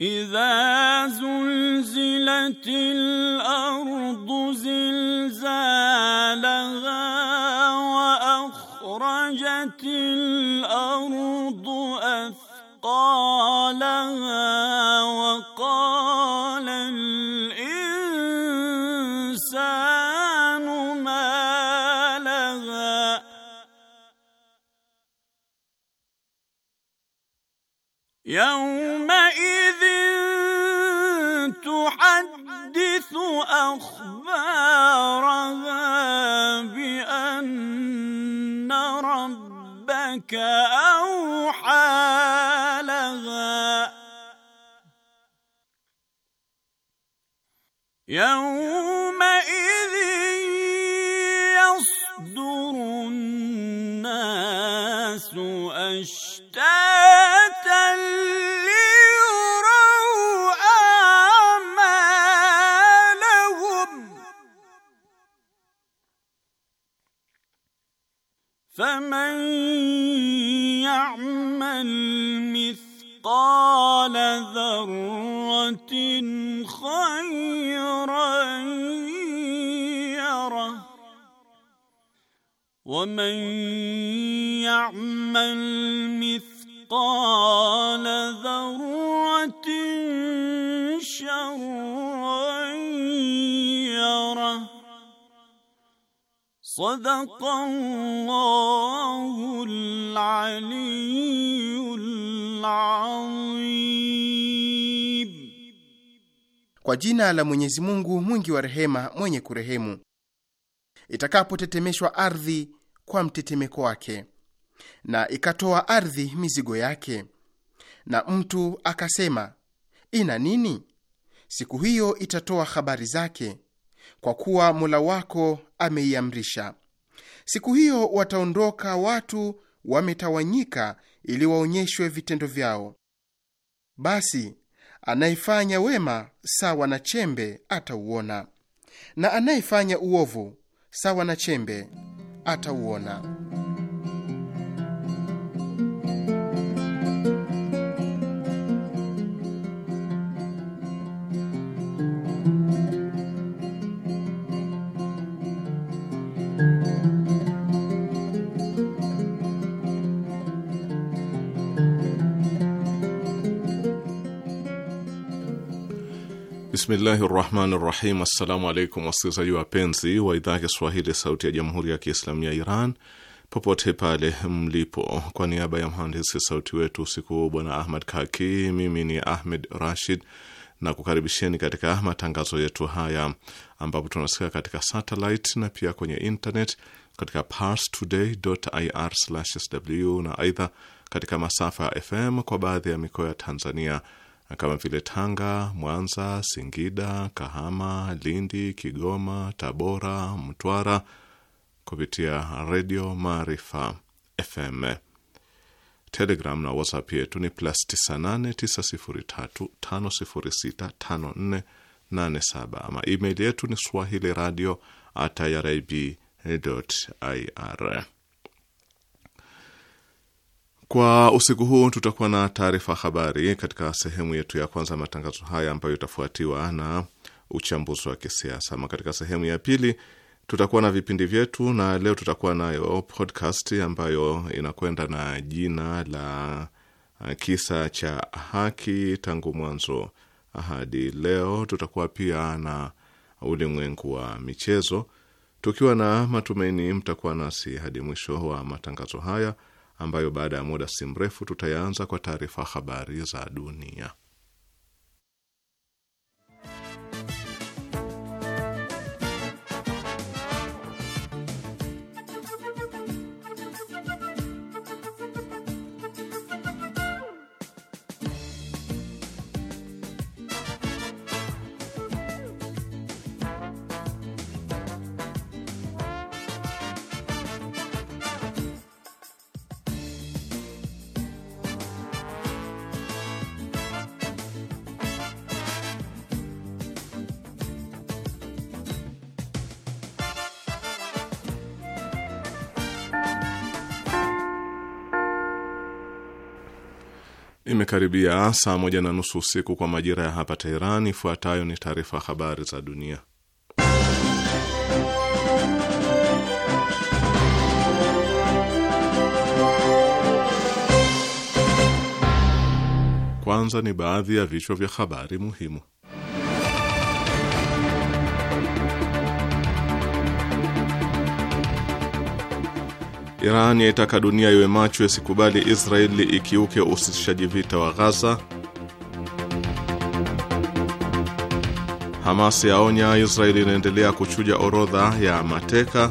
إذا زلزلت الأرض زلزالها وأخرجت الأرض أثقالها وقالت ربك أوحى لها يوم ذره خيرا يره ومن يعمل مثقال ذرة شرا يره صدق الله العلي العظيم Kwa jina la Mwenyezi Mungu mwingi wa rehema, mwenye kurehemu. Itakapotetemeshwa ardhi kwa mtetemeko wake, na ikatoa ardhi mizigo yake, na mtu akasema ina nini? Siku hiyo itatoa habari zake, kwa kuwa Mola wako ameiamrisha. Siku hiyo wataondoka watu wametawanyika, ili waonyeshwe vitendo vyao. Basi Anayefanya wema sawa na chembe atauona, na anayefanya uovu sawa na chembe atauona. Bismillahi rahmani rahim. Assalamu alaikum wasikilizaji wapenzi wa idhaa ya Kiswahili sauti ya jamhuri ya Kiislamu ya Iran popote pale mlipo, kwa niaba ya mhandisi sauti wetu usiku huu Bwana Ahmad Kaki, mimi ni Ahmed Rashid na kukaribisheni katika matangazo yetu haya ambapo tunasikia katika satelit na pia kwenye internet katika parstoday.ir/sw na aidha katika masafa ya FM kwa baadhi ya mikoa ya Tanzania kama vile Tanga, Mwanza, Singida, Kahama, Lindi, Kigoma, Tabora, Mtwara kupitia Redio Maarifa FM. Telegram na WhatsApp yetu ni plus 989035065487 ama email yetu ni swahili radio at irib ir kwa usiku huu tutakuwa na taarifa habari katika sehemu yetu ya kwanza ya matangazo haya ambayo itafuatiwa na uchambuzi wa kisiasa. Ama katika sehemu ya pili tutakuwa na vipindi vyetu, na leo tutakuwa nayo podcast ambayo inakwenda na jina la uh, kisa cha haki tangu mwanzo hadi leo. Tutakuwa pia na ulimwengu wa michezo, tukiwa na matumaini mtakuwa nasi hadi mwisho wa matangazo haya ambayo baada ya muda si mrefu tutayaanza kwa taarifa habari za dunia. Imekaribia saa moja na nusu usiku kwa majira ya hapa Teheran. Ifuatayo ni taarifa habari za dunia. Kwanza ni baadhi ya vichwa vya habari muhimu. Iran yaitaka dunia iwe macho isikubali Israeli ikiuke usitishaji vita wa Ghaza. Hamas yaonya Israeli inaendelea kuchuja orodha ya mateka.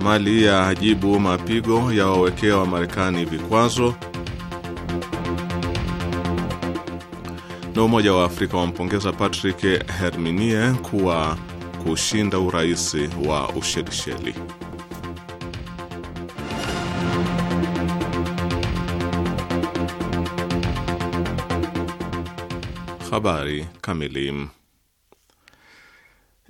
Mali ya ajibu mapigo ya wawekea wa Marekani vikwazo. Na Umoja wa Afrika wampongeza Patrick Herminie kuwa kushinda urais wa Ushelisheli. Habari kamili.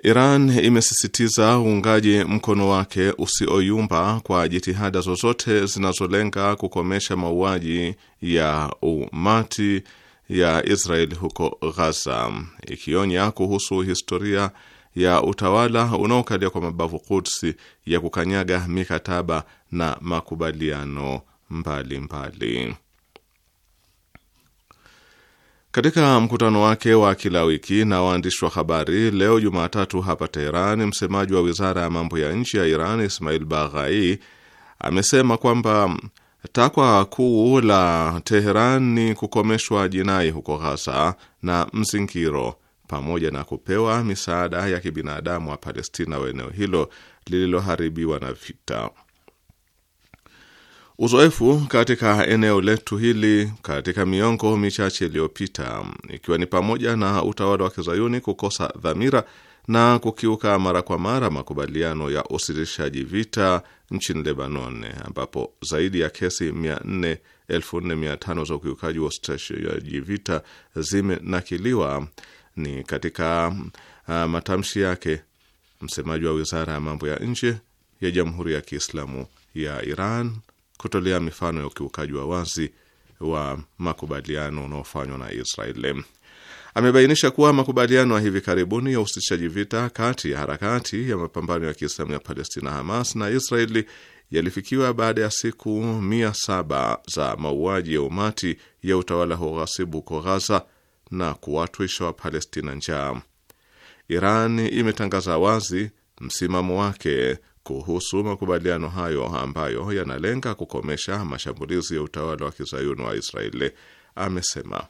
Iran imesisitiza uungaji mkono wake usioyumba kwa jitihada zozote zinazolenga kukomesha mauaji ya umati ya Israel huko Gaza, ikionya kuhusu historia ya utawala unaokalia kwa mabavu kutsi ya kukanyaga mikataba na makubaliano mbalimbali mbali. Katika mkutano wake wa kila wiki na waandishi wa habari leo Jumatatu hapa Teheran, msemaji wa wizara ya mambo ya nje ya Iran Ismail Baghai amesema kwamba takwa kuu la Teheran ni kukomeshwa jinai huko Ghaza na mzingiro pamoja na kupewa misaada ya kibinadamu wa Palestina wa eneo hilo lililoharibiwa na vita. Uzoefu katika eneo letu hili katika miongo michache iliyopita, ikiwa ni pamoja na utawala wa kizayuni kukosa dhamira na kukiuka mara kwa mara makubaliano ya usitishaji vita nchini Lebanon, ambapo zaidi ya kesi 445 za ukiukaji wa usitishaji vita zimenakiliwa ni katika uh, matamshi yake msemaji wa wizara ya mambo ya nje ya Jamhuri ya Kiislamu ya Iran kutolea mifano ya ukiukaji wa wazi wa makubaliano unaofanywa na Israeli. Amebainisha kuwa makubaliano ya hivi karibuni ya usitishaji vita kati ya harakati ya mapambano ya Kiislamu ya Palestina Hamas na Israeli yalifikiwa baada ya siku mia saba za mauaji ya umati ya utawala huo ghasibu huko Ghaza na kuwatwisha Wapalestina njaa. Iran imetangaza wazi msimamo wake kuhusu makubaliano hayo ambayo yanalenga kukomesha mashambulizi ya utawala wa kizayuni wa Israeli, amesema.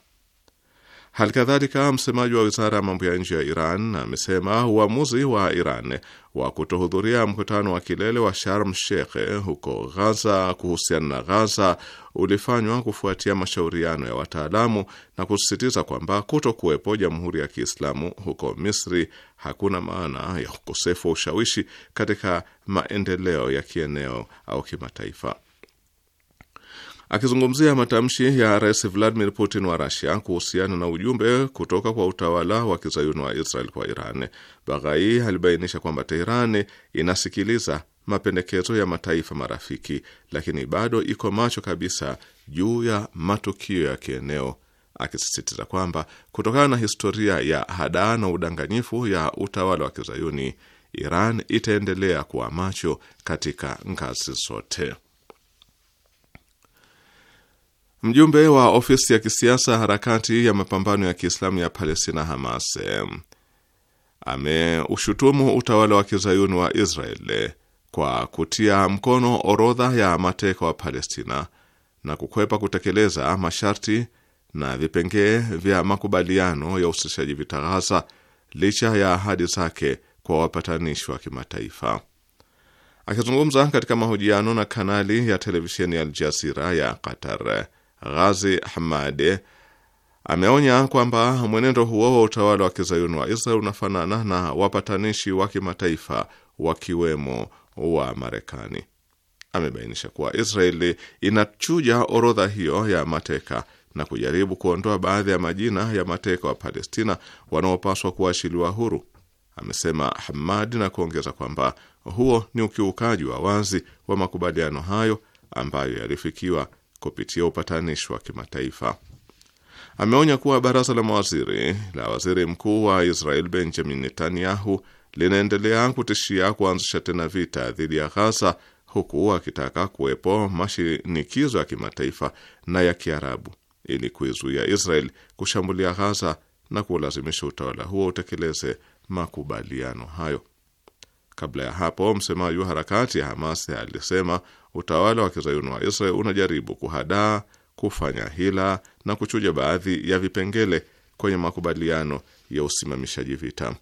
Hali kadhalika msemaji wa wizara ya mambo ya nje ya Iran amesema uamuzi wa Iran wa kutohudhuria mkutano wa kilele wa Sharm Sheikh huko Ghaza kuhusiana na Ghaza ulifanywa kufuatia mashauriano ya wataalamu na kusisitiza kwamba kuto kuwepo jamhuri ya Kiislamu huko Misri hakuna maana ya ukosefu wa ushawishi katika maendeleo ya kieneo au kimataifa. Akizungumzia matamshi ya Rais Vladimir Putin wa rasia kuhusiana na ujumbe kutoka kwa utawala wa kizayuni wa Israel kwa Iran, Baghai alibainisha kwamba Teheran inasikiliza mapendekezo ya mataifa marafiki, lakini bado iko macho kabisa juu ya matukio ya kieneo, akisisitiza kwamba kutokana na historia ya hadaa na udanganyifu ya utawala wa kizayuni, Iran itaendelea kuwa macho katika ngazi zote. Mjumbe wa ofisi ya kisiasa harakati ya mapambano ya Kiislamu ya Palestina Hamas ameushutumu utawala wa kizayuni wa Israel kwa kutia mkono orodha ya mateka wa Palestina na kukwepa kutekeleza masharti na vipengee vya makubaliano ya usitishaji vita Ghaza licha ya ahadi zake kwa wapatanishi wa kimataifa. Akizungumza katika mahojiano na kanali ya televisheni ya Aljazira ya Qatar, Ghazi Hamad ameonya kwamba mwenendo huo wa utawala wa kizayuni wa Israel unafanana na wapatanishi wa kimataifa wakiwemo wa Marekani. Amebainisha kuwa Israeli inachuja orodha hiyo ya mateka na kujaribu kuondoa baadhi ya majina ya mateka wa Palestina wanaopaswa kuachiliwa huru, amesema Hamad, na kuongeza kwamba huo ni ukiukaji wa wazi wa makubaliano hayo ambayo yalifikiwa kupitia upatanishi wa kimataifa. Ameonya kuwa baraza la mawaziri la waziri mkuu wa Israel Benjamin Netanyahu linaendelea kutishia kuanzisha tena vita dhidi ya Ghaza, huku akitaka kuwepo mashinikizo ya kimataifa na ya Kiarabu ili kuizuia Israel kushambulia Ghaza na kuulazimisha utawala huo utekeleze makubaliano hayo. Kabla ya hapo, msemaji wa harakati ya Hamas alisema utawala wa kizayuni wa Israel unajaribu kuhadaa, kufanya hila na kuchuja baadhi ya vipengele kwenye makubaliano ya usimamishaji vita.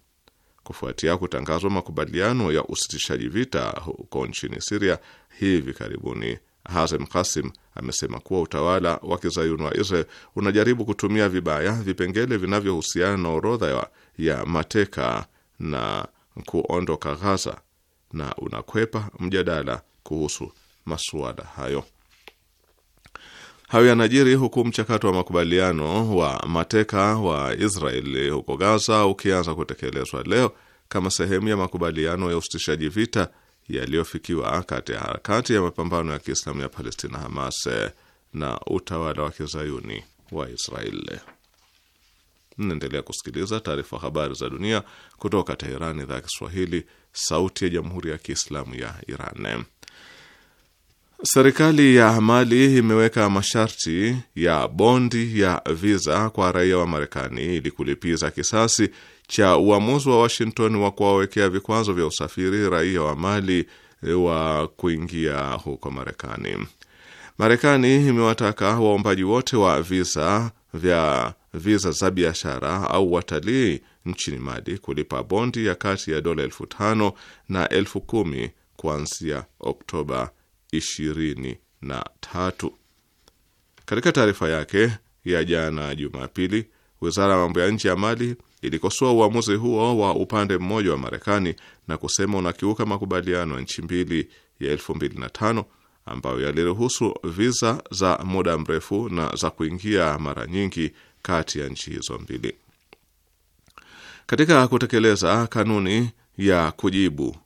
Kufuatia kutangazwa makubaliano ya usitishaji vita huko nchini Siria hivi karibuni, Hazem Kasim amesema kuwa utawala wa kizayuni wa Israel unajaribu kutumia vibaya vipengele vinavyohusiana na orodha ya mateka na kuondoka Ghaza na unakwepa mjadala kuhusu masuala hayo. Hayo yanajiri huku mchakato wa makubaliano wa mateka wa Israeli huko Gaza ukianza kutekelezwa leo kama sehemu ya makubaliano ya usitishaji vita yaliyofikiwa kati ya harakati ya mapambano ya Kiislamu ya Palestina Hamas na utawala wa kizayuni wa Israeli. Mnaendelea kusikiliza taarifa habari za dunia kutoka Teherani, idhaa ya Kiswahili, sauti ya jamhuri ya kiislamu ya Iran. Serikali ya Mali imeweka masharti ya bondi ya viza kwa raia wa Marekani ili kulipiza kisasi cha uamuzi wa Washington wa kuwawekea vikwazo vya usafiri raia wa Mali wa kuingia huko Marekani. Marekani imewataka waombaji wote wa viza vya viza za biashara au watalii nchini Mali kulipa bondi ya kati ya dola elfu tano na elfu kumi kuanzia Oktoba 23. Katika taarifa yake ya jana Jumapili, wizara ya mambo ya nje ya Mali ilikosoa uamuzi huo wa upande mmoja wa Marekani na kusema unakiuka makubaliano ya nchi mbili ya 2005 ambayo yaliruhusu viza za muda mrefu na za kuingia mara nyingi kati ya nchi hizo mbili. Katika kutekeleza kanuni ya kujibu,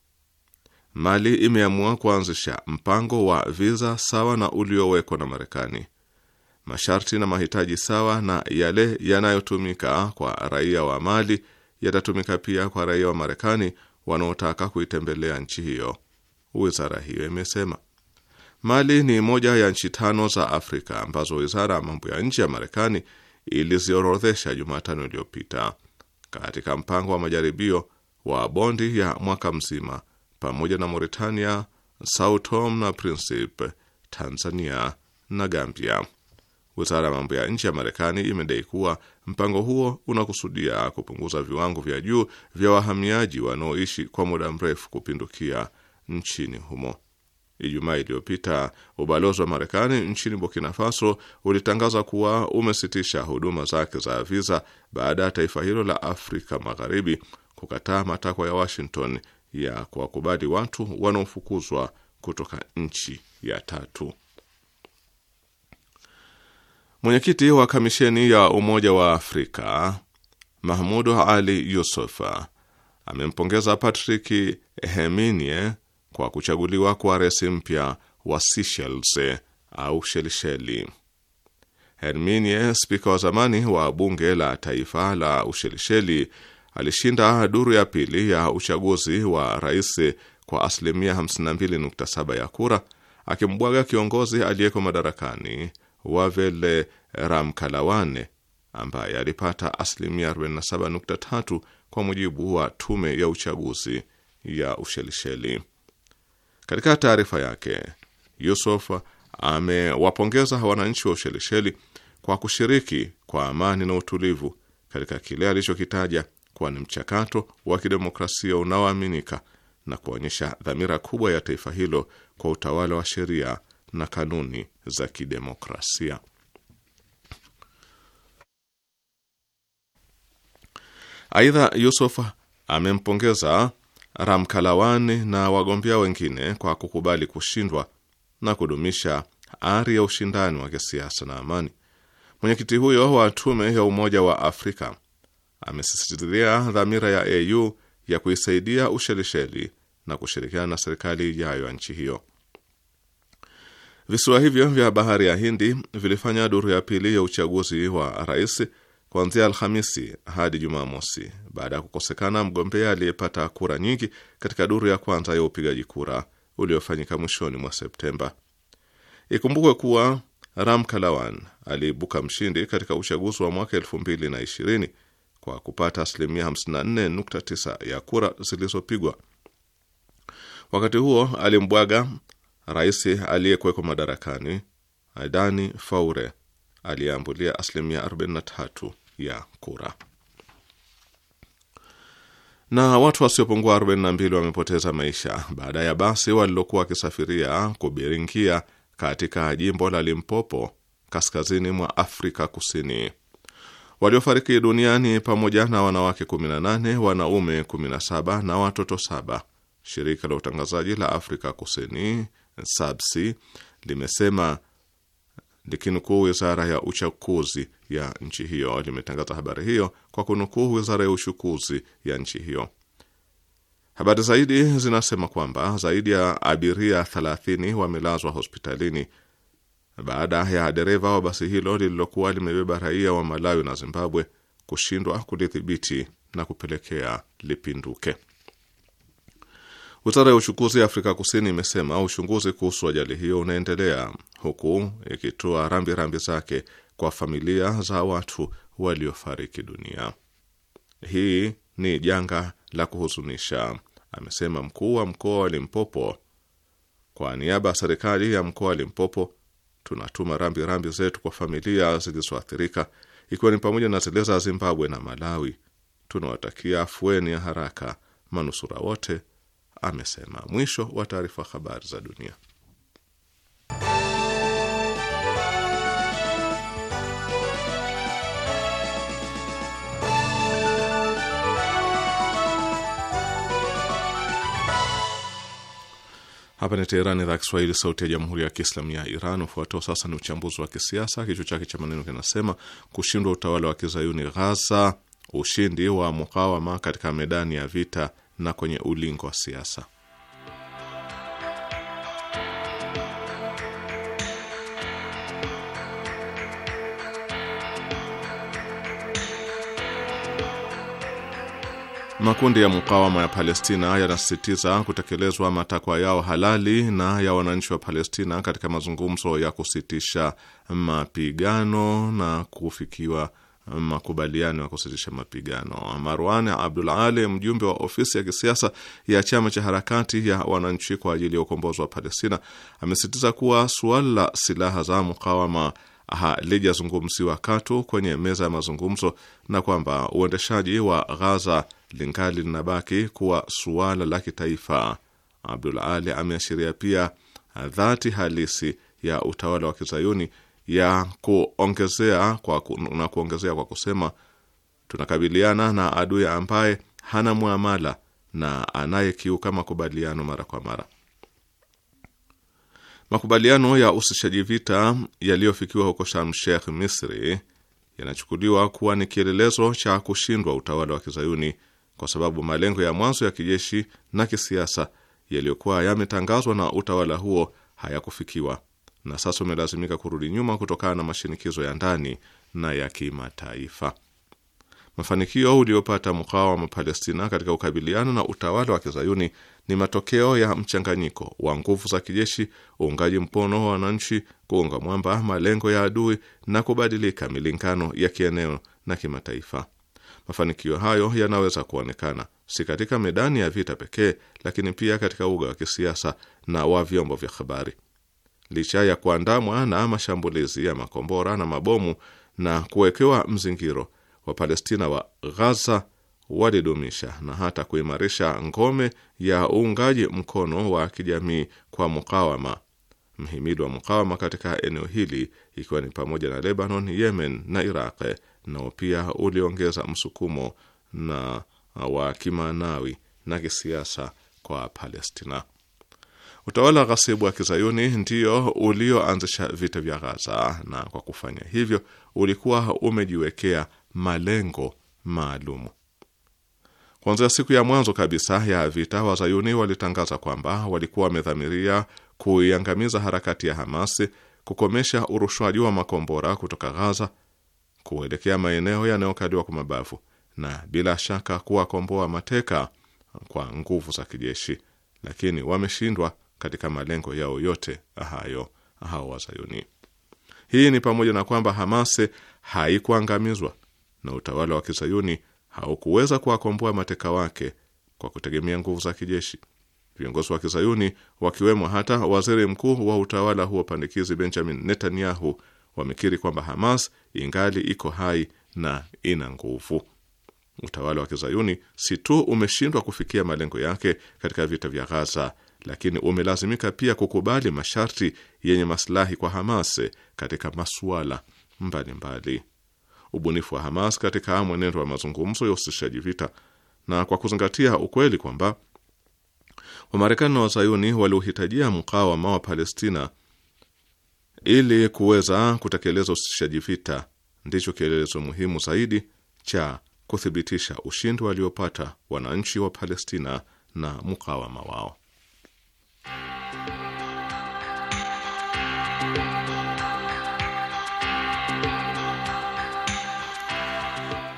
Mali imeamua kuanzisha mpango wa viza sawa na uliowekwa na Marekani, masharti na mahitaji sawa na yale yanayotumika kwa raia wa Mali yatatumika pia kwa raia wa Marekani wanaotaka kuitembelea nchi hiyo, wizara hiyo imesema. Mali ni moja ya nchi tano za Afrika ambazo wizara ya mambo ya nje ya Marekani iliziorodhesha Jumatano iliyopita katika mpango wa majaribio wa bondi ya mwaka mzima pamoja na Mauritania, Sao Tome na Principe, Tanzania na Gambia. Wizara ya mambo ya nje ya Marekani imedai kuwa mpango huo unakusudia kupunguza viwango vya juu vya wahamiaji wanaoishi kwa muda mrefu kupindukia nchini humo. Ijumaa iliyopita ubalozi wa Marekani nchini Burkina Faso ulitangaza kuwa umesitisha huduma zake za viza baada ya taifa hilo la Afrika Magharibi kukataa matakwa ya Washington ya kuwakubali watu wanaofukuzwa kutoka nchi ya tatu. Mwenyekiti wa kamisheni ya Umoja wa Afrika Mahmud Ali Yusuf amempongeza Patrick Heminie kwa kuchaguliwa kwa rais mpya wa Seychelles au Shelisheli. Herminie, spika wa zamani wa bunge la taifa la Ushelisheli, alishinda duru ya pili ya uchaguzi wa rais kwa asilimia 52.7 ya kura, akimbwaga kiongozi aliyeko madarakani Wavele Ramkalawane ambaye alipata asilimia 47.3 kwa mujibu wa tume ya uchaguzi ya Ushelisheli. Katika taarifa yake, Yusuf amewapongeza wananchi wa Ushelisheli kwa kushiriki kwa amani na utulivu katika kile alichokitaja kuwa ni mchakato wa kidemokrasia unaoaminika na kuonyesha dhamira kubwa ya taifa hilo kwa utawala wa sheria na kanuni za kidemokrasia. Aidha, Yusuf amempongeza Ramkalawan na wagombea wengine kwa kukubali kushindwa na kudumisha ari ya ushindani wa kisiasa na amani. Mwenyekiti huyo wa tume ya Umoja wa Afrika amesisitiza dhamira ya AU ya kuisaidia Ushelisheli na kushirikiana na serikali ijayo ya nchi hiyo. Visiwa hivyo vya bahari ya Hindi vilifanya duru ya pili ya uchaguzi wa rais kuanzia Alhamisi hadi Jumamosi baada ya kukosekana mgombea aliyepata kura nyingi katika duru ya kwanza ya upigaji kura uliofanyika mwishoni mwa Septemba. Ikumbukwe kuwa Ram Kalawan aliibuka mshindi katika uchaguzi wa mwaka ishirini kwa kupata asilimia 54.9 ya kura zilizopigwa. Wakati huo alimbwaga rais aliyekuwekwa madarakani Adani Faure aliyeambulia asilimia 43 ya kura. Na watu wasiopungua 42 wamepoteza maisha baada ya basi walilokuwa wakisafiria kubiringia katika jimbo la Limpopo kaskazini mwa Afrika Kusini. Waliofariki duniani pamoja na wanawake 18, wanaume 17 na watoto saba. Shirika la utangazaji la Afrika Kusini SABC limesema likinukuu wizara ya uchukuzi ya nchi hiyo. Limetangaza habari hiyo kwa kunukuu wizara ya uchukuzi ya nchi hiyo. Habari zaidi zinasema kwamba zaidi ya abiria 30 wamelazwa hospitalini baada ya dereva wa basi hilo lililokuwa limebeba raia wa Malawi na Zimbabwe kushindwa kulidhibiti na kupelekea lipinduke. Wizara ya uchukuzi ya Afrika Kusini imesema uchunguzi kuhusu ajali hiyo unaendelea huku ikitoa rambirambi zake kwa familia za watu waliofariki dunia. Hii ni janga la kuhuzunisha, amesema mkuu wa mkoa wa Limpopo. Kwa niaba ya serikali ya mkoa wa Limpopo, tunatuma rambirambi zetu kwa familia zilizoathirika, ikiwa ni pamoja na zile za Zimbabwe na Malawi. Tunawatakia afueni ya haraka manusura wote amesema. Mwisho wa taarifa. Habari za dunia. Hapa ni Teherani, idhaa Kiswahili, sauti ya jamhuri ya kiislamu ya Iran. Ufuatao sasa ni uchambuzi wa kisiasa, kichwa chake cha maneno kinasema kushindwa utawala wa kizayuni Ghaza, ushindi wa mukawama katika medani ya vita na kwenye ulingo wa siasa. Makundi ya mukawama ya Palestina yanasisitiza kutekelezwa matakwa yao halali na ya wananchi wa Palestina katika mazungumzo ya kusitisha mapigano na kufikiwa makubaliano ya kusitisha mapigano. Marwan Abdul Ali, mjumbe wa ofisi ya kisiasa ya chama cha harakati ya wananchi kwa ajili ya ukombozi wa Palestina, amesisitiza kuwa suala la silaha za mukawama halijazungumziwa katu kwenye meza ya mazungumzo na kwamba uendeshaji wa Ghaza lingali linabaki kuwa suala la kitaifa. Abdul Ali ameashiria pia dhati halisi ya utawala wa kizayuni ya kuongezea kwa na kuongezea kwa kusema tunakabiliana na adui ambaye hana muamala na anayekiuka makubaliano mara kwa mara. Makubaliano ya usishaji vita yaliyofikiwa huko Sharm Sheikh, Misri, yanachukuliwa kuwa ni kielelezo cha kushindwa utawala wa Kizayuni kwa sababu malengo ya mwanzo ya kijeshi na kisiasa yaliyokuwa yametangazwa na utawala huo hayakufikiwa na sasa umelazimika kurudi nyuma kutokana na mashinikizo ya ndani na ya kimataifa. Mafanikio uliopata wa Palestina katika ukabiliano na utawala wa kizayuni ni matokeo ya mchanganyiko wa nguvu za kijeshi, uungaji mkono wa wananchi, kuunga mwamba malengo ya adui na kubadilika milingano ya kieneo na kimataifa. Mafanikio hayo yanaweza kuonekana si katika medani ya vita pekee, lakini pia katika uga wa kisiasa na wa vyombo vya habari licha ya kuandamwa na mashambulizi ya makombora na mabomu na kuwekewa mzingiro, Wapalestina wa Ghaza walidumisha na hata kuimarisha ngome ya uungaji mkono wa kijamii kwa mukawama. Mhimili wa mukawama katika eneo hili ikiwa ni pamoja na Lebanon, Yemen na Iraq nao pia uliongeza msukumo na wa kimaanawi na kisiasa kwa Palestina. Utawala ghasibu wa kizayuni ndiyo ulioanzisha vita vya Ghaza, na kwa kufanya hivyo ulikuwa umejiwekea malengo maalumu. Kuanzia siku ya mwanzo kabisa ya vita, wazayuni walitangaza kwamba walikuwa wamedhamiria kuiangamiza harakati ya Hamasi, kukomesha urushwaji wa makombora kutoka Ghaza kuelekea maeneo yanayokaliwa kwa mabavu na bila shaka kuwakomboa mateka kwa nguvu za kijeshi, lakini wameshindwa katika malengo yao yote hayo hao Wazayuni. Hii ni pamoja na kwamba Hamas haikuangamizwa na utawala wa Kizayuni haukuweza kuwakomboa mateka wake kwa kutegemea nguvu za kijeshi. Viongozi wa Kizayuni wakiwemo hata waziri mkuu wa utawala huo pandikizi Benjamin Netanyahu wamekiri kwamba Hamas ingali iko hai na ina nguvu. Utawala wa Kizayuni si tu umeshindwa kufikia malengo yake katika vita vya Ghaza, lakini umelazimika pia kukubali masharti yenye maslahi kwa Hamas katika masuala mbalimbali. Ubunifu wa Hamas katika mwenendo wa mazungumzo ya usitishaji vita na kwa kuzingatia ukweli kwamba Wamarekani na Wazayuni waliohitajia mkawama wa Palestina ili kuweza kutekeleza usitishaji vita ndicho kielelezo muhimu zaidi cha kuthibitisha ushindi waliopata wananchi wa Palestina na mkawama wao.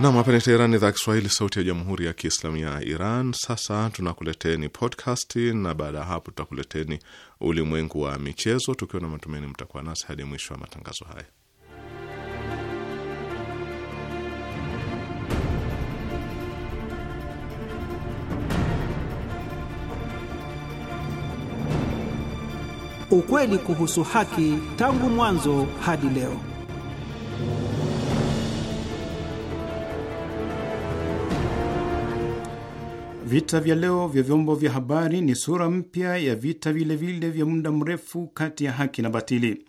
Nam, hapa ni Teherani, idhaa Kiswahili, sauti ya jamhuri ya kiislamu ya Iran. Sasa tunakuleteni podcast na baada ya hapo tutakuleteni ulimwengu wa michezo, tukiwa na matumaini mtakuwa nasi hadi mwisho wa matangazo haya. ukweli kuhusu haki tangu mwanzo hadi leo. Vita vya leo vya vyombo vya habari ni sura mpya ya vita vilevile vile vya muda mrefu kati ya haki na batili.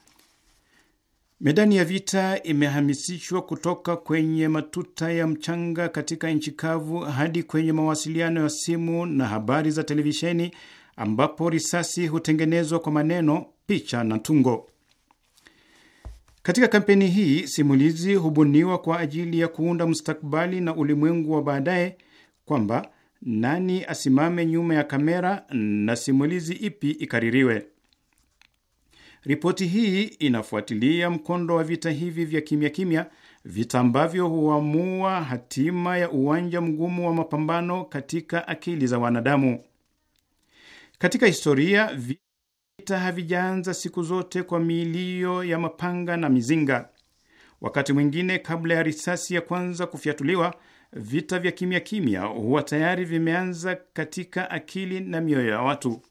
Medani ya vita imehamisishwa kutoka kwenye matuta ya mchanga katika nchi kavu hadi kwenye mawasiliano ya simu na habari za televisheni ambapo risasi hutengenezwa kwa maneno, picha na tungo. Katika kampeni hii, simulizi hubuniwa kwa ajili ya kuunda mustakabali na ulimwengu wa baadaye, kwamba nani asimame nyuma ya kamera na simulizi ipi ikaririwe. Ripoti hii inafuatilia mkondo wa vita hivi vya kimya kimya, vita ambavyo huamua hatima ya uwanja mgumu wa mapambano katika akili za wanadamu. Katika historia vita havijaanza siku zote kwa milio ya mapanga na mizinga. Wakati mwingine, kabla ya risasi ya kwanza kufyatuliwa, vita vya kimya kimya huwa tayari vimeanza katika akili na mioyo ya watu,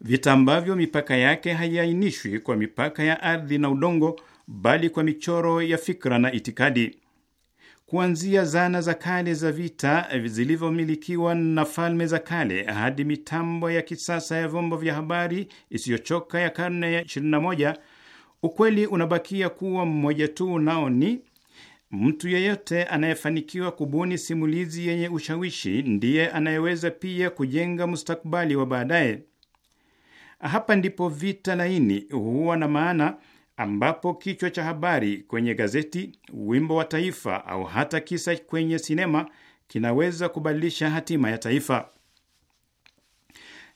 vita ambavyo mipaka yake haiainishwi kwa mipaka ya ardhi na udongo, bali kwa michoro ya fikra na itikadi kuanzia zana za kale za vita zilivyomilikiwa na falme za kale hadi mitambo ya kisasa ya vyombo vya habari isiyochoka ya karne ya 21, ukweli unabakia kuwa mmoja tu, nao ni mtu yeyote anayefanikiwa kubuni simulizi yenye ushawishi ndiye anayeweza pia kujenga mustakbali wa baadaye. Hapa ndipo vita laini huwa na maana ambapo kichwa cha habari kwenye gazeti, wimbo wa taifa au hata kisa kwenye sinema kinaweza kubadilisha hatima ya taifa.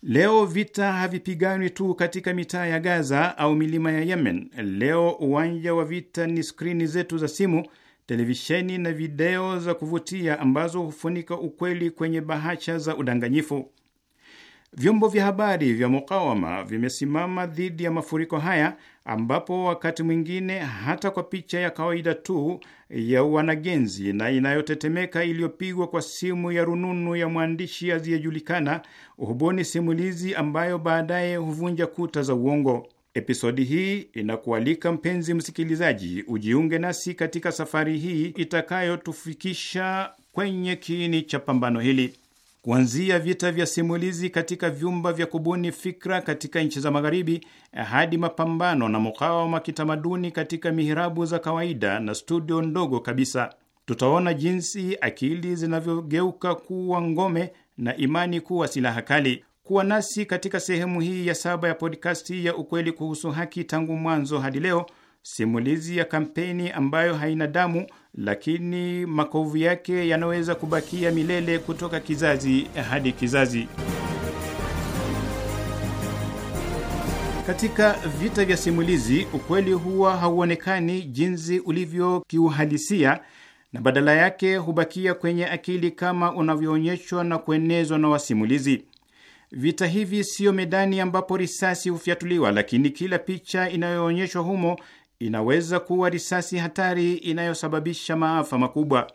Leo vita havipiganwi tu katika mitaa ya Gaza au milima ya Yemen. Leo uwanja wa vita ni skrini zetu za simu, televisheni na video za kuvutia ambazo hufunika ukweli kwenye bahasha za udanganyifu. Vyombo vya habari vya mukawama vimesimama dhidi ya mafuriko haya ambapo wakati mwingine hata kwa picha ya kawaida tu ya wanagenzi na inayotetemeka iliyopigwa kwa simu ya rununu ya mwandishi asiyejulikana hubuni simulizi ambayo baadaye huvunja kuta za uongo. Episodi hii inakualika mpenzi msikilizaji, ujiunge nasi katika safari hii itakayotufikisha kwenye kiini cha pambano hili kuanzia vita vya simulizi katika vyumba vya kubuni fikra katika nchi za Magharibi hadi mapambano na mukawama kitamaduni katika mihirabu za kawaida na studio ndogo kabisa. Tutaona jinsi akili zinavyogeuka kuwa ngome na imani kuwa silaha kali. Kuwa nasi katika sehemu hii ya saba ya podkasti ya ukweli kuhusu haki, tangu mwanzo hadi leo simulizi ya kampeni ambayo haina damu, lakini makovu yake yanaweza kubakia milele kutoka kizazi hadi kizazi. Katika vita vya simulizi, ukweli huwa hauonekani jinsi ulivyokiuhalisia na badala yake hubakia kwenye akili kama unavyoonyeshwa na kuenezwa na wasimulizi. Vita hivi siyo medani ambapo risasi hufyatuliwa, lakini kila picha inayoonyeshwa humo inaweza kuwa risasi hatari inayosababisha maafa makubwa.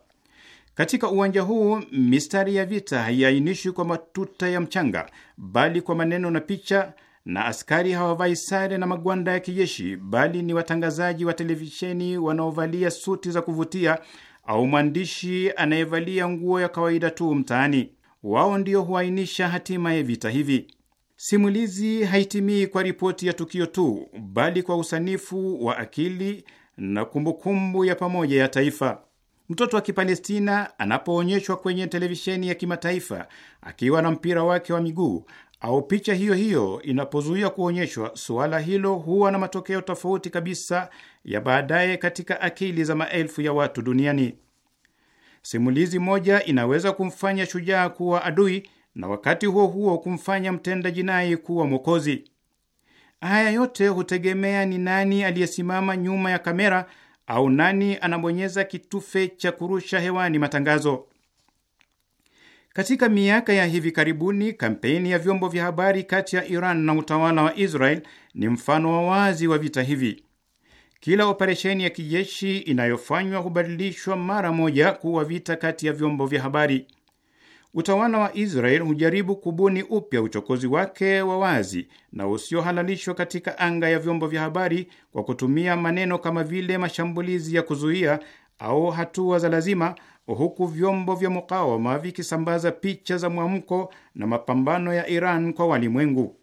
Katika uwanja huu mistari ya vita haiainishwi kwa matuta ya mchanga, bali kwa maneno na picha, na askari hawavai sare na magwanda ya kijeshi, bali ni watangazaji wa televisheni wanaovalia suti za kuvutia au mwandishi anayevalia nguo ya kawaida tu mtaani. Wao ndio huainisha hatima ya vita hivi. Simulizi haitimii kwa ripoti ya tukio tu, bali kwa usanifu wa akili na kumbukumbu kumbu ya pamoja ya taifa. Mtoto wa Kipalestina anapoonyeshwa kwenye televisheni ya kimataifa akiwa na mpira wake wa miguu au picha hiyo hiyo inapozuia kuonyeshwa, suala hilo huwa na matokeo tofauti kabisa ya baadaye katika akili za maelfu ya watu duniani. Simulizi moja inaweza kumfanya shujaa kuwa adui na wakati huo huo kumfanya mtenda jinai kuwa mwokozi. Haya yote hutegemea ni nani aliyesimama nyuma ya kamera au nani anabonyeza kitufe cha kurusha hewani matangazo. Katika miaka ya hivi karibuni, kampeni ya vyombo vya habari kati ya Iran na utawala wa Israel ni mfano wa wazi wa vita hivi. Kila operesheni ya kijeshi inayofanywa hubadilishwa mara moja kuwa vita kati ya vyombo vya habari. Utawala wa Israel hujaribu kubuni upya uchokozi wake wa wazi na usiohalalishwa katika anga ya vyombo vya habari kwa kutumia maneno kama vile mashambulizi ya kuzuia au hatua za lazima, huku vyombo vya mukawama vikisambaza picha za mwamko na mapambano ya Iran kwa walimwengu.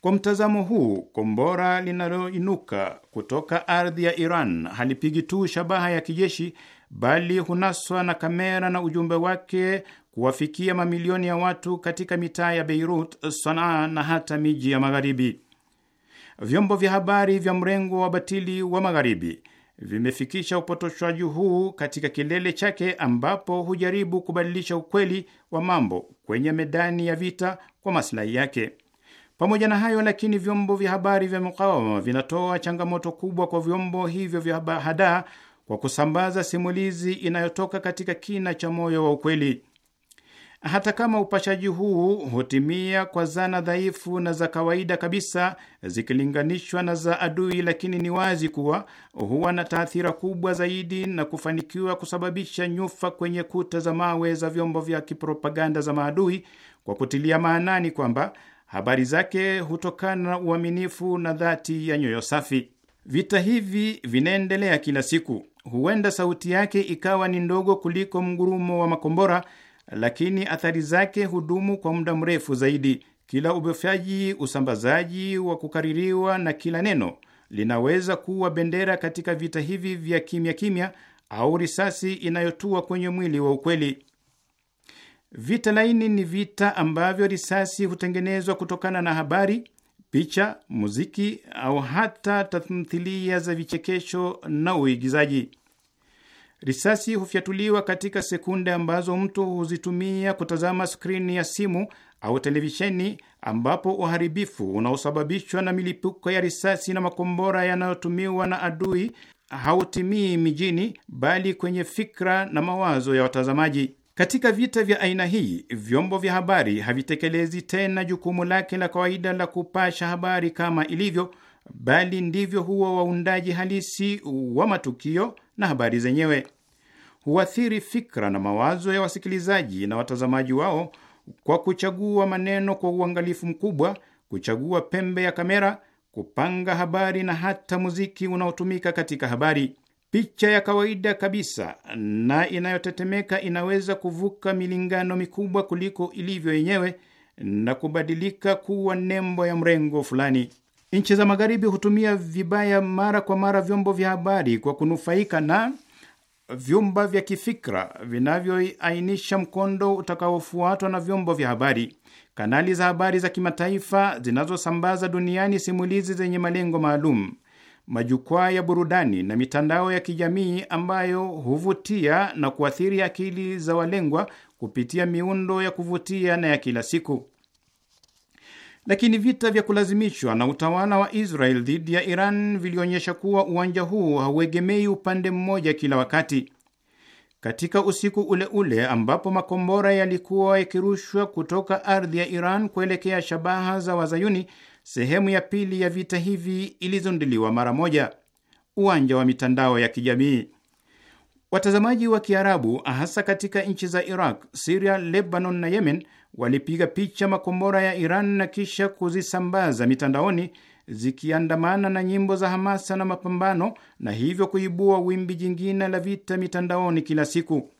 Kwa mtazamo huu, kombora linaloinuka kutoka ardhi ya Iran halipigi tu shabaha ya kijeshi bali hunaswa na kamera na ujumbe wake kuwafikia mamilioni ya watu katika mitaa ya Beirut, Sanaa na hata miji ya magharibi. Vyombo vya habari vya mrengo wa batili wa magharibi vimefikisha upotoshwaji huu katika kilele chake, ambapo hujaribu kubadilisha ukweli wa mambo kwenye medani ya vita kwa maslahi yake. Pamoja na hayo lakini, vyombo vya habari vya mukawama vinatoa changamoto kubwa kwa vyombo hivyo vya hadaa kwa kusambaza simulizi inayotoka katika kina cha moyo wa ukweli. Hata kama upashaji huu hutimia kwa zana dhaifu na za kawaida kabisa zikilinganishwa na za adui, lakini ni wazi kuwa huwa na taathira kubwa zaidi na kufanikiwa kusababisha nyufa kwenye kuta za mawe za vyombo vya kipropaganda za maadui, kwa kutilia maanani kwamba habari zake hutokana na uaminifu na dhati ya nyoyo safi. Vita hivi vinaendelea kila siku huenda sauti yake ikawa ni ndogo kuliko mgurumo wa makombora, lakini athari zake hudumu kwa muda mrefu zaidi. Kila ubofyaji, usambazaji wa kukaririwa na kila neno linaweza kuwa bendera katika vita hivi vya kimya kimya, au risasi inayotua kwenye mwili wa ukweli. Vita laini ni vita ambavyo risasi hutengenezwa kutokana na habari, picha, muziki au hata tamthilia za vichekesho na uigizaji. Risasi hufyatuliwa katika sekunde ambazo mtu huzitumia kutazama skrini ya simu au televisheni, ambapo uharibifu unaosababishwa na milipuko ya risasi na makombora yanayotumiwa na adui hautimii mijini, bali kwenye fikra na mawazo ya watazamaji. Katika vita vya aina hii, vyombo vya habari havitekelezi tena jukumu lake la kawaida la kupasha habari kama ilivyo, bali ndivyo huwa waundaji halisi wa matukio na habari zenyewe huathiri fikra na mawazo ya wasikilizaji na watazamaji wao kwa kuchagua maneno kwa uangalifu mkubwa, kuchagua pembe ya kamera, kupanga habari na hata muziki unaotumika katika habari. Picha ya kawaida kabisa na inayotetemeka inaweza kuvuka milingano mikubwa kuliko ilivyo yenyewe na kubadilika kuwa nembo ya mrengo fulani. Nchi za Magharibi hutumia vibaya mara kwa mara vyombo vya habari kwa kunufaika na vyumba vya kifikra vinavyoainisha mkondo utakaofuatwa na vyombo vya habari. Kanali za habari za kimataifa zinazosambaza duniani simulizi zenye malengo maalum, majukwaa ya burudani na mitandao ya kijamii ambayo huvutia na kuathiri akili za walengwa kupitia miundo ya kuvutia na ya kila siku lakini vita vya kulazimishwa na utawala wa Israel dhidi ya Iran vilionyesha kuwa uwanja huu hauegemei upande mmoja kila wakati. Katika usiku ule ule ambapo makombora yalikuwa yakirushwa kutoka ardhi ya Iran kuelekea shabaha za Wazayuni, sehemu ya pili ya vita hivi ilizunduliwa mara moja, uwanja wa mitandao ya kijamii. Watazamaji wa Kiarabu, hasa katika nchi za Iraq, Siria, Lebanon na Yemen walipiga picha makombora ya Iran na kisha kuzisambaza mitandaoni zikiandamana na nyimbo za hamasa na mapambano, na hivyo kuibua wimbi jingine la vita mitandaoni kila siku.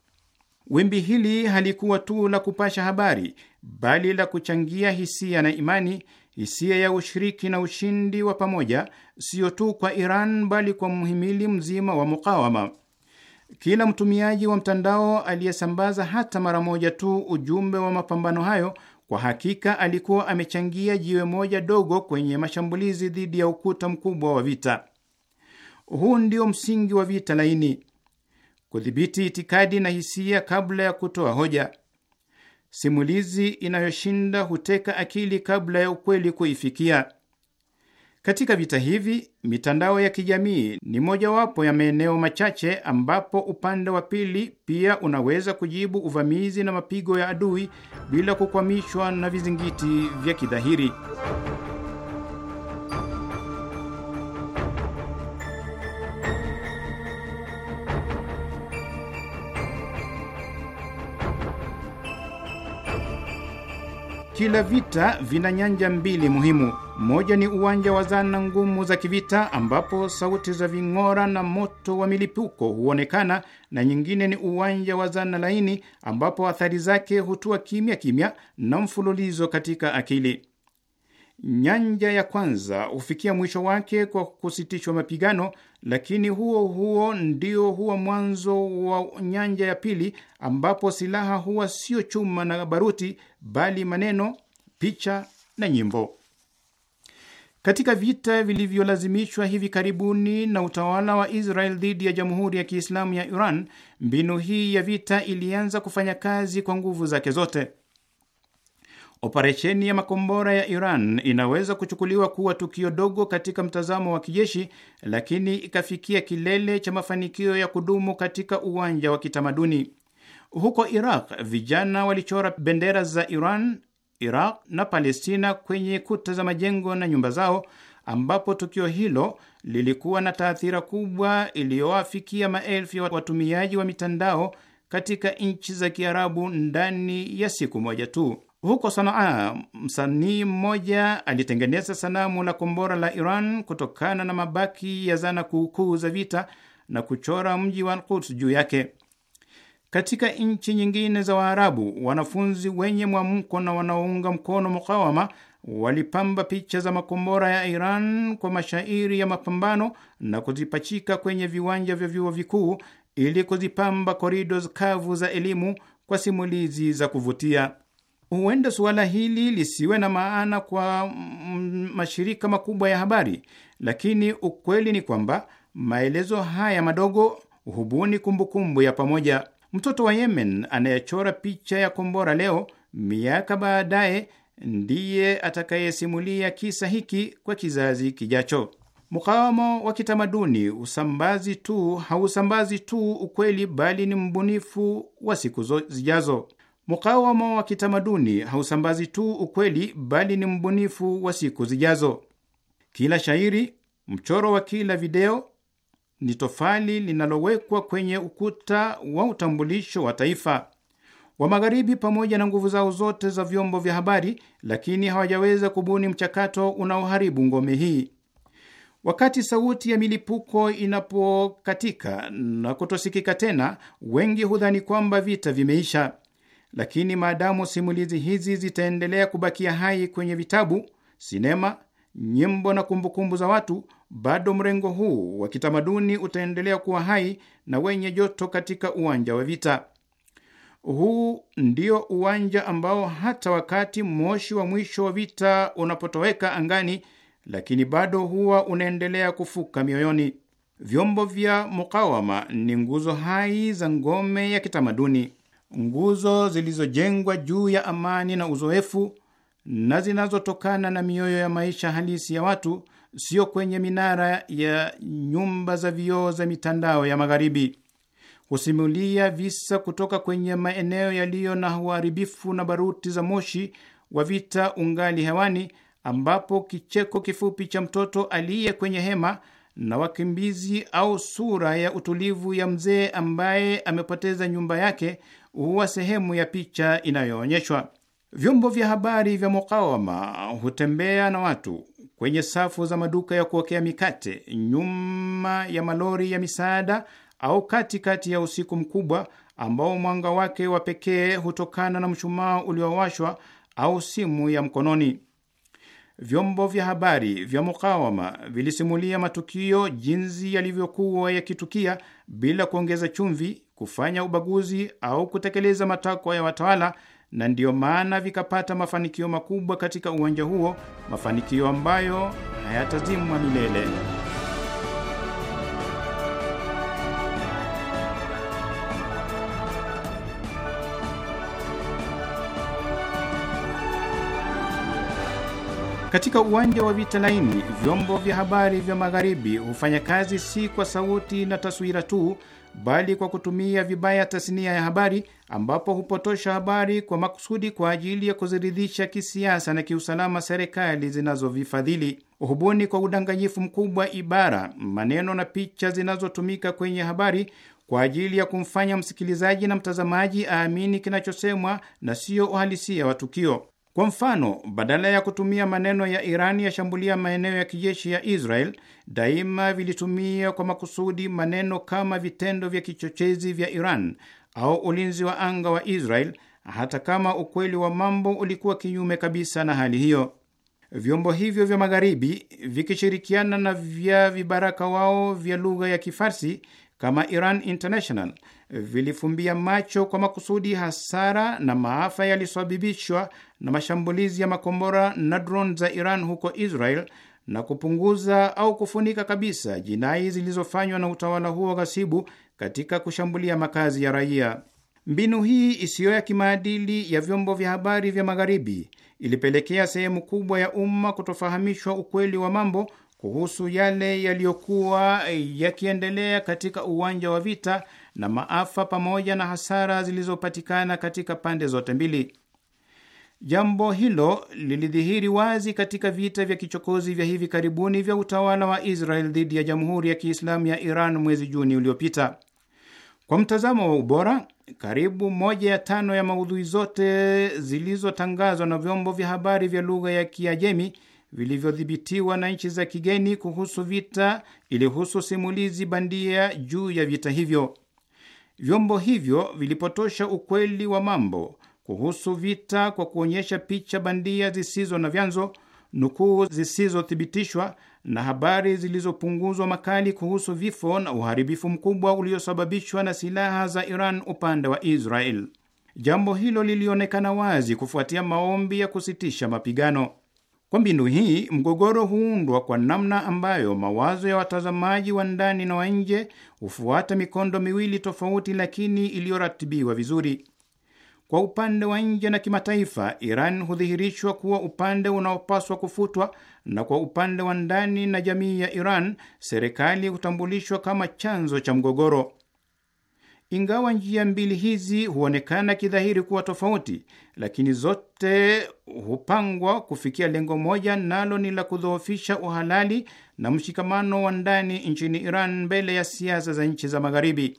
Wimbi hili halikuwa tu la kupasha habari, bali la kuchangia hisia na imani, hisia ya ushiriki na ushindi wa pamoja, sio tu kwa Iran bali kwa mhimili mzima wa mukawama. Kila mtumiaji wa mtandao aliyesambaza hata mara moja tu ujumbe wa mapambano hayo kwa hakika alikuwa amechangia jiwe moja dogo kwenye mashambulizi dhidi ya ukuta mkubwa wa vita. Huu ndio msingi wa vita laini: kudhibiti itikadi na hisia kabla ya kutoa hoja. Simulizi inayoshinda huteka akili kabla ya ukweli kuifikia. Katika vita hivi, mitandao ya kijamii ni mojawapo ya maeneo machache ambapo upande wa pili pia unaweza kujibu uvamizi na mapigo ya adui bila kukwamishwa na vizingiti vya kidhahiri. Kila vita vina nyanja mbili muhimu moja ni uwanja wa zana ngumu za kivita ambapo sauti za ving'ora na moto wa milipuko huonekana, na nyingine ni uwanja wa zana laini ambapo athari zake hutua kimya kimya na mfululizo katika akili. Nyanja ya kwanza hufikia mwisho wake kwa kusitishwa mapigano, lakini huo huo ndio huwa mwanzo wa nyanja ya pili, ambapo silaha huwa sio chuma na baruti, bali maneno, picha na nyimbo. Katika vita vilivyolazimishwa hivi karibuni na utawala wa Israel dhidi ya Jamhuri ya Kiislamu ya Iran, mbinu hii ya vita ilianza kufanya kazi kwa nguvu zake zote. Operesheni ya makombora ya Iran inaweza kuchukuliwa kuwa tukio dogo katika mtazamo wa kijeshi, lakini ikafikia kilele cha mafanikio ya kudumu katika uwanja wa kitamaduni. Huko Iraq, vijana walichora bendera za Iran Iraq na Palestina kwenye kuta za majengo na nyumba zao, ambapo tukio hilo lilikuwa na taathira kubwa iliyowafikia maelfu ya watumiaji wa mitandao katika nchi za Kiarabu ndani ya siku moja tu. Huko Sanaa, msanii mmoja alitengeneza sanamu la kombora la Iran kutokana na mabaki ya zana kuukuu za vita na kuchora mji wa Al-Quds juu yake. Katika nchi nyingine za Waarabu, wanafunzi wenye mwamko na wanaounga mkono mukawama walipamba picha za makombora ya Iran kwa mashairi ya mapambano na kuzipachika kwenye viwanja vya vyuo vikuu ili kuzipamba korido kavu za elimu kwa simulizi za kuvutia. Huenda suala hili lisiwe na maana kwa mm, mashirika makubwa ya habari, lakini ukweli ni kwamba maelezo haya madogo hubuni kumbukumbu ya pamoja. Mtoto wa Yemen anayechora picha ya kombora leo, miaka baadaye, ndiye atakayesimulia kisa hiki kwa kizazi kijacho. Mkawamo wa kitamaduni usambazi tu hausambazi tu ukweli, bali ni mbunifu wa siku zijazo. Mkawamo wa kitamaduni hausambazi tu ukweli, bali ni mbunifu wa siku zijazo. Kila shairi, mchoro wa kila video ni tofali linalowekwa kwenye ukuta wa utambulisho wa taifa. Wa Magharibi, pamoja na nguvu zao zote za vyombo vya habari, lakini hawajaweza kubuni mchakato unaoharibu ngome hii. Wakati sauti ya milipuko inapokatika na kutosikika tena, wengi hudhani kwamba vita vimeisha. Lakini maadamu simulizi hizi zitaendelea kubakia hai kwenye vitabu, sinema nyimbo na kumbukumbu za watu, bado mrengo huu wa kitamaduni utaendelea kuwa hai na wenye joto katika uwanja wa vita. Huu ndio uwanja ambao hata wakati moshi wa mwisho wa vita unapotoweka angani, lakini bado huwa unaendelea kufuka mioyoni. Vyombo vya mukawama ni nguzo hai za ngome ya kitamaduni, nguzo zilizojengwa juu ya amani na uzoefu, na zinazotokana na mioyo ya maisha halisi ya watu, sio kwenye minara ya nyumba za vioo za mitandao ya Magharibi. Husimulia visa kutoka kwenye maeneo yaliyo na uharibifu na baruti za moshi wa vita ungali hewani, ambapo kicheko kifupi cha mtoto aliye kwenye hema na wakimbizi au sura ya utulivu ya mzee ambaye amepoteza nyumba yake huwa sehemu ya picha inayoonyeshwa. Vyombo vya habari vya mukawama hutembea na watu kwenye safu za maduka ya kuokea mikate, nyuma ya malori ya misaada, au katikati kati ya usiku mkubwa ambao mwanga wake wa pekee hutokana na mshumaa uliowashwa au simu ya mkononi. Vyombo vya habari vya mukawama vilisimulia matukio jinsi yalivyokuwa yakitukia bila kuongeza chumvi, kufanya ubaguzi au kutekeleza matakwa ya watawala na ndiyo maana vikapata mafanikio makubwa katika uwanja huo, mafanikio ambayo hayatazimwa milele. Katika uwanja wa vita laini, vyombo vya habari vya Magharibi hufanya kazi si kwa sauti na taswira tu, bali kwa kutumia vibaya tasnia ya habari, ambapo hupotosha habari kwa makusudi kwa ajili ya kuziridhisha kisiasa na kiusalama serikali zinazovifadhili. Uhubuni kwa udanganyifu mkubwa ibara, maneno na picha zinazotumika kwenye habari kwa ajili ya kumfanya msikilizaji na mtazamaji aamini kinachosemwa na siyo uhalisia wa tukio. Kwa mfano, badala ya kutumia maneno ya Iran yashambulia maeneo ya kijeshi ya Israel, daima vilitumia kwa makusudi maneno kama vitendo vya kichochezi vya Iran au ulinzi wa anga wa Israel, hata kama ukweli wa mambo ulikuwa kinyume kabisa na hali hiyo. Vyombo hivyo vya Magharibi vikishirikiana na vya vibaraka wao vya lugha ya Kifarsi kama Iran International vilifumbia macho kwa makusudi hasara na maafa yalisababishwa na mashambulizi ya makombora na drone za Iran huko Israel na kupunguza au kufunika kabisa jinai zilizofanywa na utawala huo ghasibu katika kushambulia makazi ya raia. Mbinu hii isiyo ya kimaadili ya vyombo vya habari vya Magharibi ilipelekea sehemu kubwa ya umma kutofahamishwa ukweli wa mambo kuhusu yale yaliyokuwa yakiendelea katika uwanja wa vita na maafa pamoja na hasara zilizopatikana katika pande zote mbili. Jambo hilo lilidhihiri wazi katika vita vya kichokozi vya hivi karibuni vya utawala wa Israel dhidi ya Jamhuri ya Kiislamu ya Iran mwezi Juni uliopita. Kwa mtazamo wa ubora, karibu moja ya tano ya maudhui zote zilizotangazwa na vyombo vya habari vya lugha ya Kiajemi vilivyodhibitiwa na nchi za kigeni kuhusu vita ilihusu simulizi bandia juu ya vita hivyo. Vyombo hivyo vilipotosha ukweli wa mambo kuhusu vita kwa kuonyesha picha bandia zisizo na vyanzo, nukuu zisizothibitishwa na habari zilizopunguzwa makali kuhusu vifo na uharibifu mkubwa uliosababishwa na silaha za Iran upande wa Israel. Jambo hilo lilionekana wazi kufuatia maombi ya kusitisha mapigano. Kwa mbinu hii, mgogoro huundwa kwa namna ambayo mawazo ya watazamaji wa ndani na wa nje hufuata mikondo miwili tofauti, lakini iliyoratibiwa vizuri. Kwa upande wa nje na kimataifa, Iran hudhihirishwa kuwa upande unaopaswa kufutwa, na kwa upande wa ndani na jamii ya Iran, serikali hutambulishwa kama chanzo cha mgogoro. Ingawa njia mbili hizi huonekana kidhahiri kuwa tofauti, lakini zote hupangwa kufikia lengo moja, nalo ni la kudhoofisha uhalali na mshikamano wa ndani nchini Iran mbele ya siasa za nchi za Magharibi.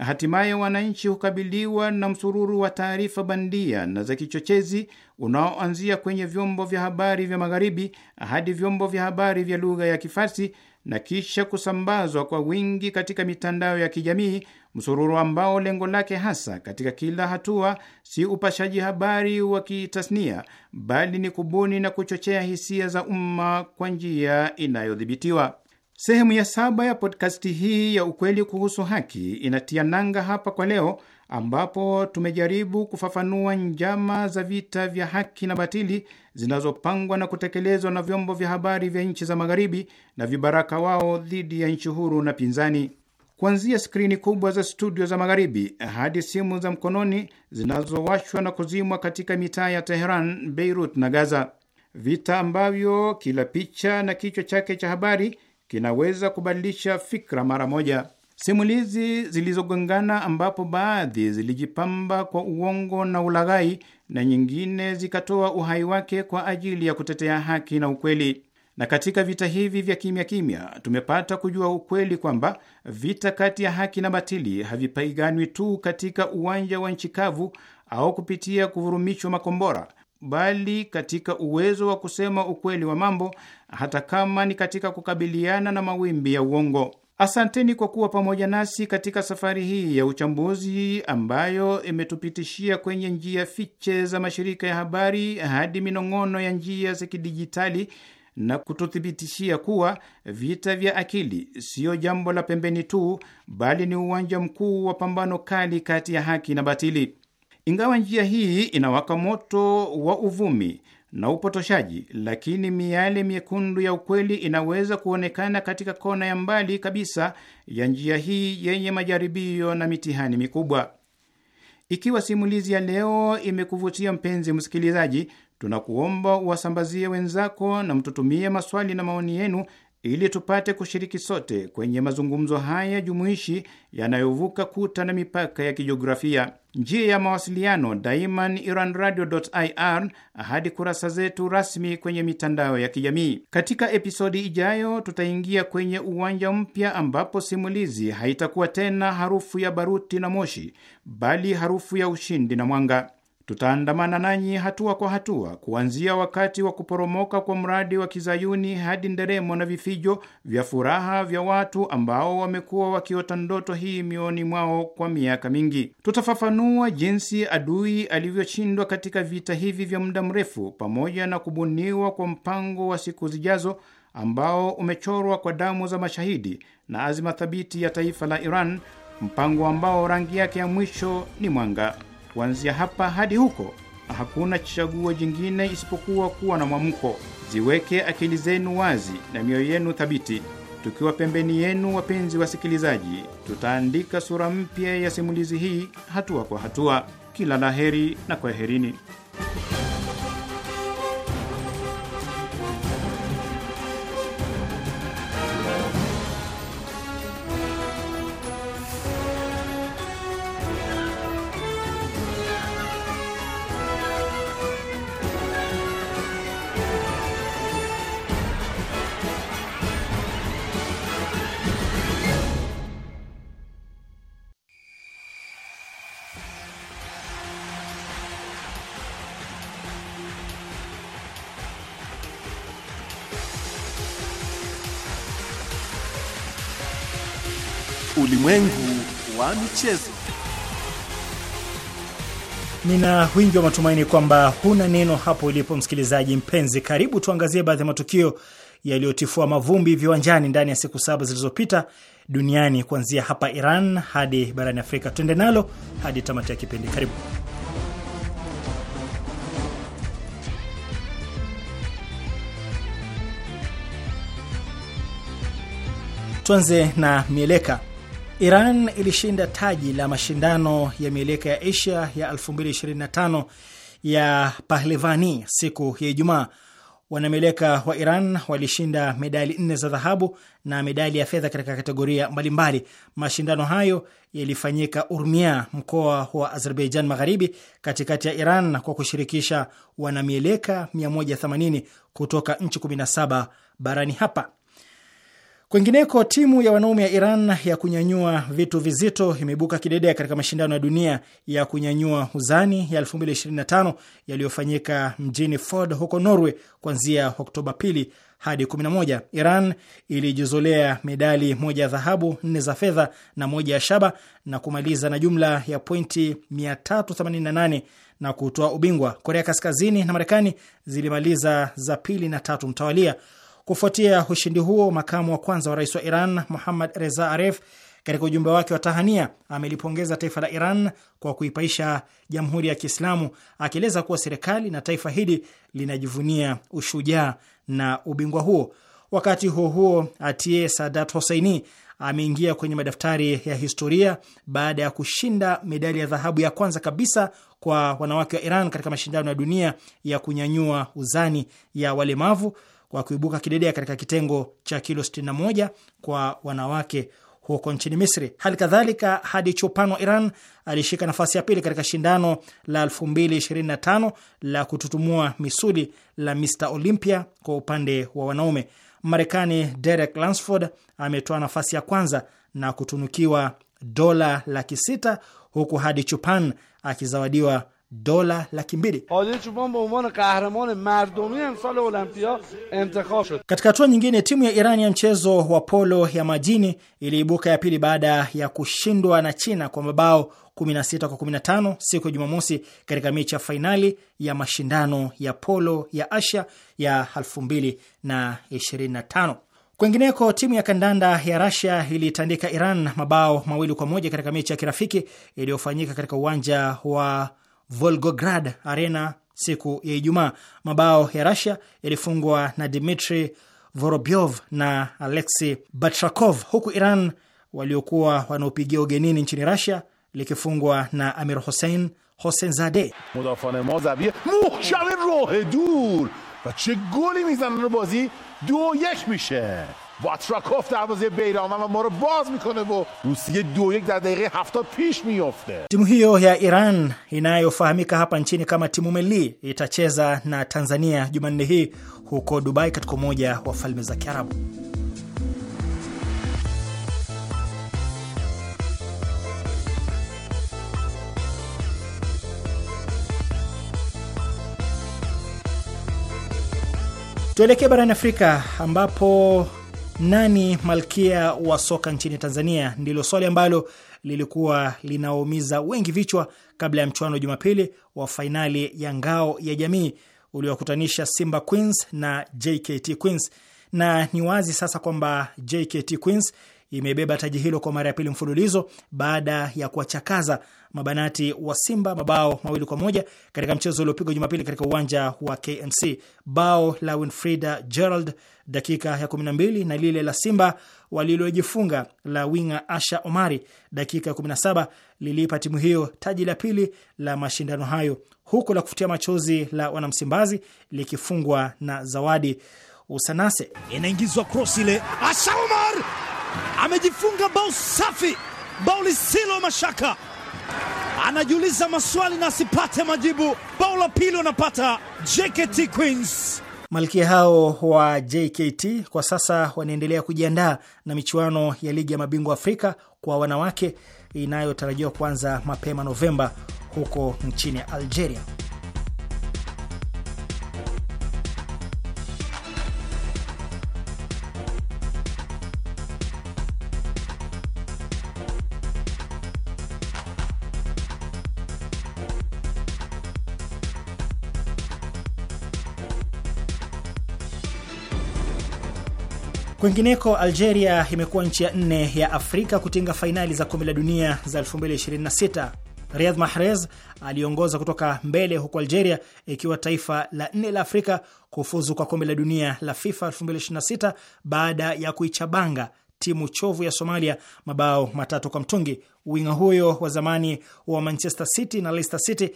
Hatimaye wananchi hukabiliwa na msururu wa taarifa bandia na za kichochezi unaoanzia kwenye vyombo vya habari vya Magharibi hadi vyombo vya habari vya lugha ya Kifarsi na kisha kusambazwa kwa wingi katika mitandao ya kijamii, msururu ambao lengo lake hasa katika kila hatua si upashaji habari wa kitasnia, bali ni kubuni na kuchochea hisia za umma kwa njia inayodhibitiwa. Sehemu ya saba ya podkasti hii ya ukweli kuhusu haki inatia nanga hapa kwa leo, ambapo tumejaribu kufafanua njama za vita vya haki na batili zinazopangwa na kutekelezwa na vyombo vya habari vya nchi za Magharibi na vibaraka wao dhidi ya nchi huru na pinzani. Kuanzia skrini kubwa za studio za magharibi hadi simu za mkononi zinazowashwa na kuzimwa katika mitaa ya Teheran, Beirut na Gaza, vita ambavyo kila picha na kichwa chake cha habari kinaweza kubadilisha fikra mara moja. Simulizi zilizogongana ambapo baadhi zilijipamba kwa uongo na ulaghai na nyingine zikatoa uhai wake kwa ajili ya kutetea haki na ukweli. Na katika vita hivi vya kimya kimya tumepata kujua ukweli kwamba vita kati ya haki na batili havipiganwi tu katika uwanja wa nchi kavu au kupitia kuvurumishwa makombora, bali katika uwezo wa kusema ukweli wa mambo, hata kama ni katika kukabiliana na mawimbi ya uongo. Asanteni kwa kuwa pamoja nasi katika safari hii ya uchambuzi ambayo imetupitishia kwenye njia fiche za mashirika ya habari hadi minong'ono ya njia za kidijitali na kututhibitishia kuwa vita vya akili siyo jambo la pembeni tu, bali ni uwanja mkuu wa pambano kali kati ya haki na batili. Ingawa njia hii inawaka moto wa uvumi na upotoshaji, lakini miale miekundu ya ukweli inaweza kuonekana katika kona ya mbali kabisa ya njia hii yenye majaribio na mitihani mikubwa. Ikiwa simulizi ya leo imekuvutia mpenzi msikilizaji, tunakuomba uwasambazie wenzako na mtutumie maswali na maoni yenu ili tupate kushiriki sote kwenye mazungumzo haya jumuishi yanayovuka kuta na mipaka ya kijiografia. Njia ya mawasiliano daima ni iranradio.ir hadi kurasa zetu rasmi kwenye mitandao ya kijamii. Katika episodi ijayo, tutaingia kwenye uwanja mpya ambapo simulizi haitakuwa tena harufu ya baruti na moshi, bali harufu ya ushindi na mwanga. Tutaandamana nanyi hatua kwa hatua, kuanzia wakati wa kuporomoka kwa mradi wa kizayuni hadi nderemo na vifijo vya furaha vya watu ambao wamekuwa wakiota ndoto hii mioni mwao kwa miaka mingi. Tutafafanua jinsi adui alivyoshindwa katika vita hivi vya muda mrefu, pamoja na kubuniwa kwa mpango wa siku zijazo ambao umechorwa kwa damu za mashahidi na azima thabiti ya taifa la Iran, mpango ambao rangi yake ya mwisho ni mwanga. Kuanzia hapa hadi huko, hakuna chaguo jingine isipokuwa kuwa na mwamko. Ziweke akili zenu wazi na mioyo yenu thabiti. Tukiwa pembeni yenu, wapenzi wasikilizaji, tutaandika sura mpya ya simulizi hii hatua kwa hatua. Kila laheri na kwaherini. michezo. Nina wingi wa matumaini kwamba huna neno hapo ulipo, msikilizaji mpenzi. Karibu tuangazie baadhi ya matukio yaliyotifua mavumbi viwanjani ndani ya siku saba zilizopita duniani, kuanzia hapa Iran hadi barani Afrika. Tuende nalo hadi tamati ya kipindi. Karibu. Tuanze na mieleka. Iran ilishinda taji la mashindano ya mieleka ya Asia ya 2025 ya Pahlevani siku ya Ijumaa. Wanamieleka wa Iran walishinda medali nne za dhahabu na medali ya fedha katika kategoria mbalimbali. Mashindano hayo yalifanyika Urmia, mkoa wa Azerbaijan Magharibi, katikati ya Iran, kwa kushirikisha wanamieleka 180 kutoka nchi 17 barani hapa. Kwingineko, timu ya wanaume ya Iran ya kunyanyua vitu vizito imeibuka kidedea katika mashindano ya dunia ya kunyanyua uzani ya 2025 yaliyofanyika mjini Ford huko Norway kuanzia Oktoba 2 hadi 11. Iran ilijizolea medali moja ya dhahabu, nne za fedha na moja ya shaba na kumaliza na jumla ya pointi 388 na kutoa ubingwa. Korea Kaskazini na Marekani zilimaliza za pili na tatu mtawalia. Kufuatia ushindi huo, makamu wa kwanza wa rais wa Iran Muhammad Reza Aref katika ujumbe wake wa tahania amelipongeza taifa la Iran kwa kuipaisha jamhuri ya Kiislamu, akieleza kuwa serikali na taifa hili linajivunia ushujaa na ubingwa huo. Wakati huo huo, Atie Sadat Hoseini ameingia kwenye madaftari ya historia baada ya kushinda medali ya dhahabu ya kwanza kabisa kwa wanawake wa Iran katika mashindano ya dunia ya kunyanyua uzani ya walemavu kwa kuibuka kidedea katika kitengo cha kilo 61 kwa wanawake huko nchini Misri. Hali kadhalika Hadi Chupan wa Iran alishika nafasi ya pili katika shindano la 2025 la kututumua misuli la Mr Olympia kwa upande wa wanaume. Marekani Derek Lansford ametoa nafasi ya kwanza na kutunukiwa dola laki sita huku Hadi Chupan akizawadiwa dola انتخاب شد Katika hatua nyingine, timu ya Iran ya mchezo wa polo ya majini iliibuka ya pili baada ya kushindwa na China kwa mabao 16 kwa 15 siku ya Jumamosi katika mechi ya fainali ya mashindano ya polo ya Asia ya 2025. Kwengineko, timu ya kandanda ya Rasia ilitandika Iran mabao mawili kwa moja katika mechi ya kirafiki iliyofanyika katika uwanja wa Volgograd Arena siku ya Ijumaa. Mabao ya Rasia yalifungwa na Dmitri Vorobyov na Alexi Batrakov, huku Iran waliokuwa wanaopigia ugenini nchini Rasia likifungwa na Amir Hossein Hossein Zade. mudafane ma zawiye muhkame rohe dur va che goli mizanan bazi du yak mishe واتراکوف دروازه بیرام و ما رو باز میکنه و روسیه دو یک در دقیقه هفتاد پیش میفته timu hiyo ya Iran inayofahamika hapa nchini kama timu Melli itacheza na Tanzania Jumanne hii huko Dubai katika Umoja wa Falme za Kiarabu. Tuelekee barani Afrika ambapo nani malkia wa soka nchini Tanzania? Ndilo swali ambalo lilikuwa linaumiza wengi vichwa kabla ya mchuano Jumapili wa fainali ya ngao ya jamii uliokutanisha Simba Queens na JKT Queens, na ni wazi sasa kwamba JKT Queens imebeba taji hilo kwa mara ya pili mfululizo baada ya kuwachakaza mabanati wa Simba mabao mawili kwa moja katika mchezo uliopigwa Jumapili katika uwanja wa KMC. Bao la Winfrida Gerald dakika ya 12 na lile la Simba walilojifunga la winga Asha Omari dakika ya 17 liliipa timu hiyo taji la pili la mashindano hayo, huku la kufutia machozi la wanamsimbazi likifungwa na Zawadi Usanase. Inaingizwa cross ile, Asha Omar amejifunga bao safi, bao lisilo mashaka anajiuliza maswali na asipate majibu. Bao la pili wanapata JKT Queens. Malkia hao wa JKT kwa sasa wanaendelea kujiandaa na michuano ya ligi ya mabingwa Afrika kwa wanawake inayotarajiwa kuanza mapema Novemba huko nchini Algeria. Kwingineko, Algeria imekuwa nchi ya nne ya Afrika kutinga fainali za kombe la dunia za 2026. Riyad Mahrez aliongoza kutoka mbele huku Algeria ikiwa taifa la nne la Afrika kufuzu kwa kombe la dunia la FIFA 2026 baada ya kuichabanga timu chovu ya Somalia mabao matatu kwa mtungi. Winga huyo wa zamani wa Manchester City na Leicester City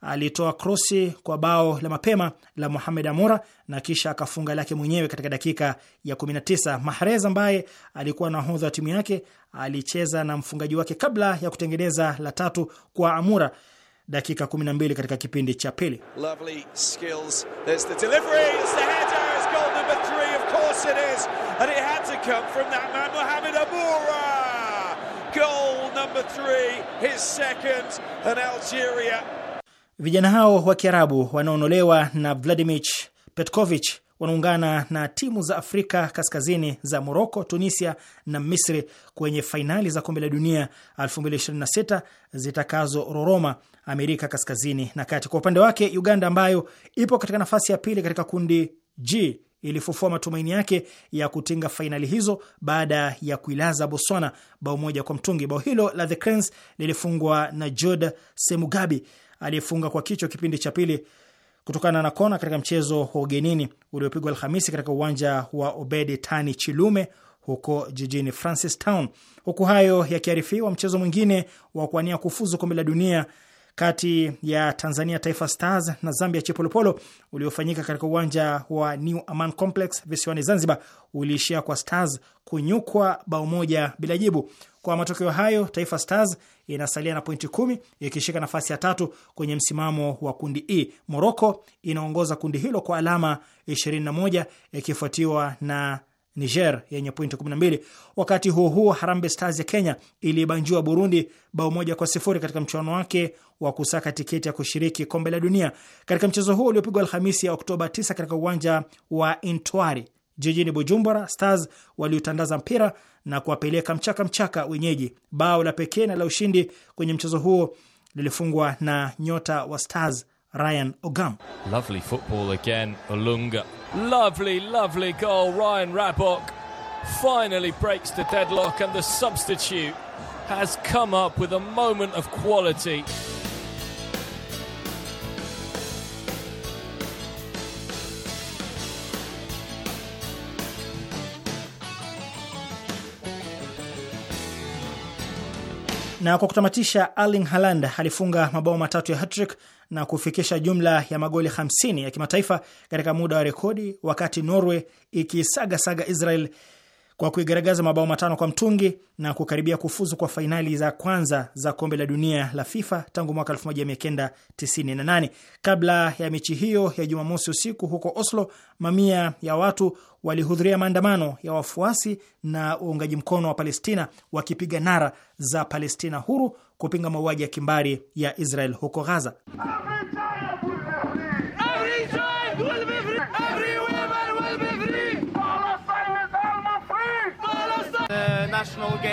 alitoa krosi kwa bao la mapema la Mohamed Amora na kisha akafunga lake mwenyewe katika dakika ya 19. Mahrez ambaye alikuwa nahodha wa timu yake alicheza na mfungaji wake kabla ya kutengeneza la tatu kwa Amura dakika 12 katika kipindi cha pili. Goal number three, his second, and Algeria Vijana hao wa Kiarabu wanaonolewa na Vladimir petkovich wanaungana na timu za Afrika Kaskazini za Moroko, Tunisia na Misri kwenye fainali za kombe la dunia 2026 zitakazo roroma Amerika Kaskazini na Kati. Kwa upande wake, Uganda ambayo ipo katika nafasi ya pili katika kundi G ilifufua matumaini yake ya kutinga fainali hizo baada ya kuilaza Botswana bao moja kwa mtungi. Bao hilo la The Cranes lilifungwa na Jod Semugabi aliyefunga kwa kichwa kipindi cha pili kutokana na kona katika mchezo wa ugenini uliopigwa Alhamisi katika uwanja wa Obedi Tani Chilume huko jijini Francistown. Huku hayo yakiarifiwa, mchezo mwingine wa kuania kufuzu kombe la dunia kati ya Tanzania Taifa Stars na Zambia Chipolopolo uliofanyika katika uwanja wa New Aman Complex visiwani Zanzibar uliishia kwa Stars kunyukwa bao moja bila jibu. Kwa matokeo hayo, Taifa Stars inasalia na pointi kumi ikishika nafasi ya tatu kwenye msimamo wa kundi E. Moroko inaongoza kundi hilo kwa alama 21 ikifuatiwa na Niger yenye pointi 12. Wakati huo huo, Harambee Stars ya Kenya iliibanjiwa Burundi bao moja kwa sifuri katika mchuano wake wa kusaka tiketi ya kushiriki kombe la dunia. Katika mchezo huo uliopigwa Alhamisi ya Oktoba 9 katika uwanja wa Intwari jijini Bujumbura, Stars waliotandaza mpira na kuwapeleka mchaka mchaka wenyeji. Bao la pekee na la ushindi kwenye mchezo huo lilifungwa na nyota wa Stars Ryan Ogam. Lovely football again, Olunga. Lovely, lovely goal, Ryan Rabok. Finally breaks the deadlock and the substitute has come up with a moment of quality. Na kwa kutamatisha, Erling Haaland alifunga mabao matatu ya hatrick na kufikisha jumla ya magoli 50 ya kimataifa katika muda wa rekodi, wakati Norway ikisagasaga Israel kwa kuigaragaza mabao matano kwa mtungi na kukaribia kufuzu kwa fainali za kwanza za kombe la dunia la FIFA tangu mwaka 1998. Kabla ya mechi hiyo ya Jumamosi usiku huko Oslo, mamia ya watu walihudhuria maandamano ya wafuasi na uungaji mkono wa Palestina wakipiga nara za Palestina huru kupinga mauaji ya kimbari ya Israel huko Gaza.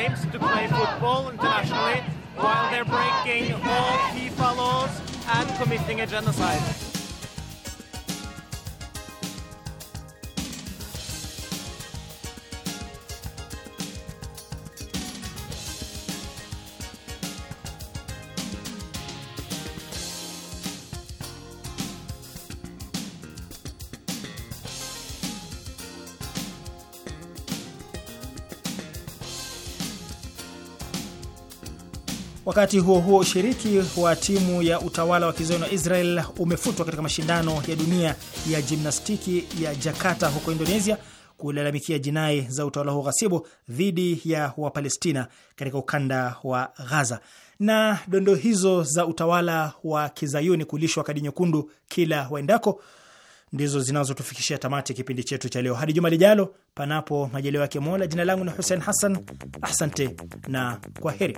games to play football internationally while they're breaking all FIFA laws and committing a genocide. Wakati huo huo, ushiriki wa timu ya utawala wa kizayuni wa Israel umefutwa katika mashindano ya dunia ya jimnastiki ya Jakarta huko Indonesia kulalamikia jinai za utawala huo ghasibu dhidi ya Wapalestina katika ukanda wa Ghaza. Na dondo hizo za utawala wa kizayuni kulishwa kadi nyekundu kila waendako ndizo zinazotufikishia tamati ya kipindi chetu cha leo. Hadi juma lijalo, panapo majaliwa yake Mola. Jina langu ni Hussein Hassan, asante na kwa heri.